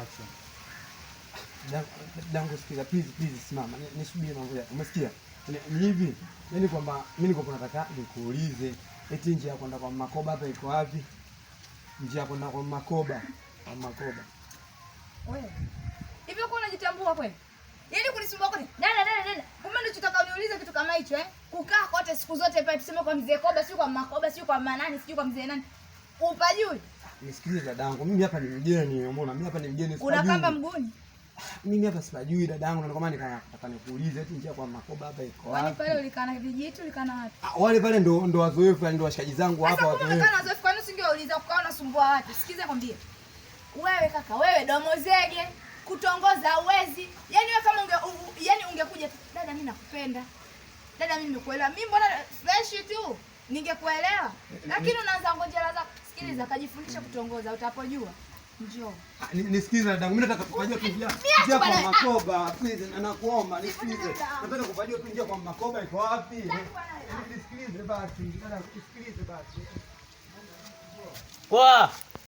action. Dangu, sikiza please, please, simama nisubiri mambo yako, umesikia? Ni hivi yani kwamba mimi nilikuwa nataka nikuulize, eti njia ya kwenda kwa Makoba hapa iko wapi? Njia ya kwenda kwa Makoba, kwa Makoba. Wewe hivyo kwa unajitambua kweli? Yaani kunisumbua kote. Dada dada dada. Kumbe ndio tutaka uniulize kitu kama hicho eh? Kukaa kote siku zote pale tuseme kwa mzee Koba, sio kwa Makoba, sio kwa manani, sio kwa mzee nani. Upajui nisikilize dadangu, mimi hapa ni mgeni, umeona? Mimi hapa ni mgeni, kuna kama mguni mimi hapa sipajui dadangu, na ndio maana nikataka nikuulize eti njia kwa Makoba hapa iko wapi? Wale pale ulikana vijitu ulikana wapi? Ah, wale pale ndo ndo wazoefu, ndo washikaji zangu hapa wazoefu. Sasa unakaa wazoefu, kwani usingeuliza kwa unasumbua watu? Sikiza kwambie. Wewe kaka, wewe domo zege, kutongoza uwezi. Yaani wewe kama unge u, yaani ungekuja tu, dada mimi nakupenda. Dada mimi nimekuelewa. Mimi mbona fresh tu? Ningekuelewa. Eh, eh, Lakini unaanza ngojera za Sikiliza, kajifundisha kutongoza, utapojua njoo. Ah, nisikilize dadangu, mimi nataka kufanyia tu njia kwa Makoba. Please, nakuomba nisikilize. Nataka kufanyia tu njia kwa Makoba, iko wapi? Nisikilize basi, nisikilize basi. Kwa